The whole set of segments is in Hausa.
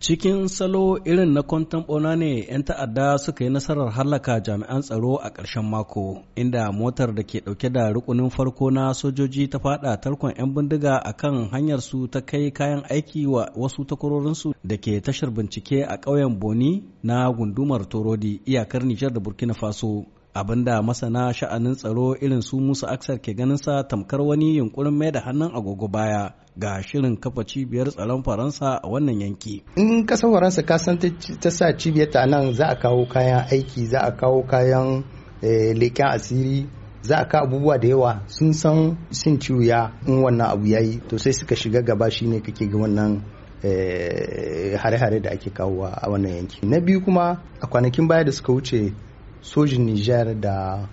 Cikin salo irin na kwantan bauna ne 'yan ta'adda suka yi nasarar hallaka jami'an tsaro a ƙarshen mako, inda motar da ke ɗauke da rukunin farko na sojoji ta faɗa tarkon 'yan bindiga a kan hanyarsu ta kai kayan aiki wa wasu takwarorinsu da ke tashar bincike a ƙauyen Boni na gundumar Torodi iyakar Nijar da Burkina Faso. abinda masana sha'anin tsaro irin su musu aksar ke ganin sa tamkar wani yunkurin mai da hannun agogo baya ga shirin kafa cibiyar tsaron faransa a wannan yanki in kasar faransa ka san ta sa cibiyar ta nan za a kawo kayan aiki za a kawo kayan eh, leken asiri za a ka abubuwa da yawa sun san sun ciwuya in wannan abu yayi to sai suka shiga gaba shine kake ga wannan eh, hare-hare da ake kawo a wannan yanki na biyu kuma a kwanakin baya da suka wuce sojin nijar da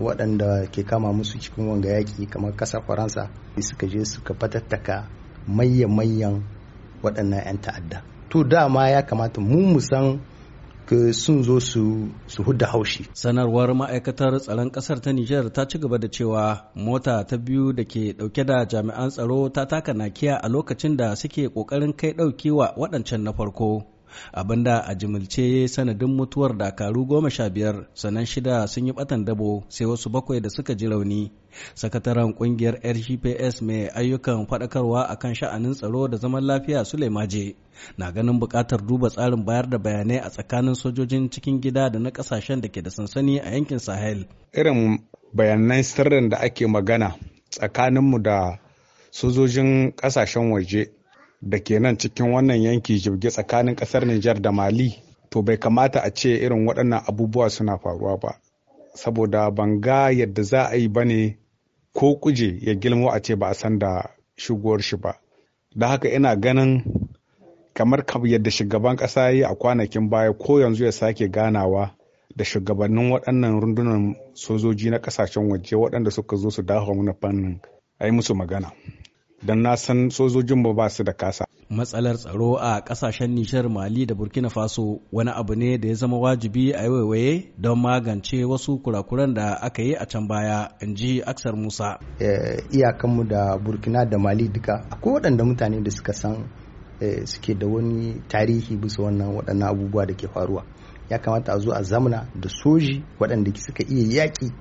waɗanda ke kama musu cikin wanga yaki kamar ƙasar faransa suka je suka fatattaka maye mayyan waɗannan 'yan ta'adda to dama ya kamata mu mu musan sun zo su su hudda haushi. Sanarwar ma'aikatar tsaron ƙasar ta Nijar ta ci gaba da cewa mota ta biyu da ke ɗauke da jami'an tsaro ta taka nakiya a lokacin da suke ƙoƙarin kai ɗauki wa waɗancan na farko. abinda a jimilce sanadin mutuwar dakaru goma sha biyar sannan shida sun yi batan dabo sai wasu bakwai da suka ji rauni sakataren kungiyar rgps mai ayyukan faɗakarwa kan sha'anin tsaro da zaman lafiya maje na ganin buƙatar duba tsarin bayar da bayanai a tsakanin sojojin cikin gida da na ƙasashen da ke da sansani a yankin sahel irin bayanan sirrin da ake magana tsakaninmu da sojojin ƙasashen waje da ke nan cikin wannan yanki jirgi tsakanin kasar Nijar da Mali to bai kamata a ce irin waɗannan abubuwa suna faruwa ba saboda banga yadda za a yi ba ne ko kuje ya gilmo a ce ba a san da shigowar shi ba da haka ina ganin kamar yadda shugaban ƙasa ya yi a kwanakin baya ko yanzu ya sake ganawa da shugabannin waɗannan rundunan sojoji na ƙasashen waje waɗanda suka zo su dawo mana fannin a yi musu magana. don na san sojojin mu ba su da kasa matsalar tsaro a kasashen nishar mali da burkina faso wani abu ne da ya zama wajibi a waiwaye don magance wasu kurakuran da aka yi a can baya in ji aksar musa eh, iyakanmu da burkina da mali duka akwai waɗanda mutane da suka san eh, suke da wani tarihi bisa wannan waɗannan abubuwa da ke faruwa ya kamata a zo a zamana da soji waɗanda suka iya yaƙi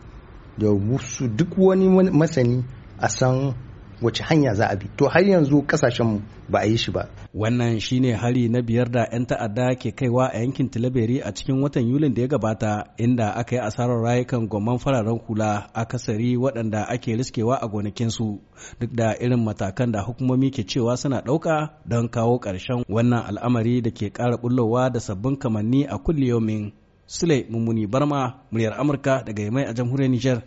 da musu duk wani masani a san wace hanya za a bi to har yanzu kasashen ba a yi shi ba wannan shine hari na biyar da 'yan ta'adda ke kaiwa a yankin tilaberi a cikin watan yulin da ya gabata inda aka yi asarar rayukan gwamnan fararen hula akasari waɗanda ake riskewa a gonakinsu duk da irin matakan da hukumomi ke cewa suna ɗauka don kawo ƙarshen wannan al'amari da ke ƙara bullowa da sabbin kamanni a kulliyomin sule mummuni barma muryar amurka daga yamai a jamhuriyar niger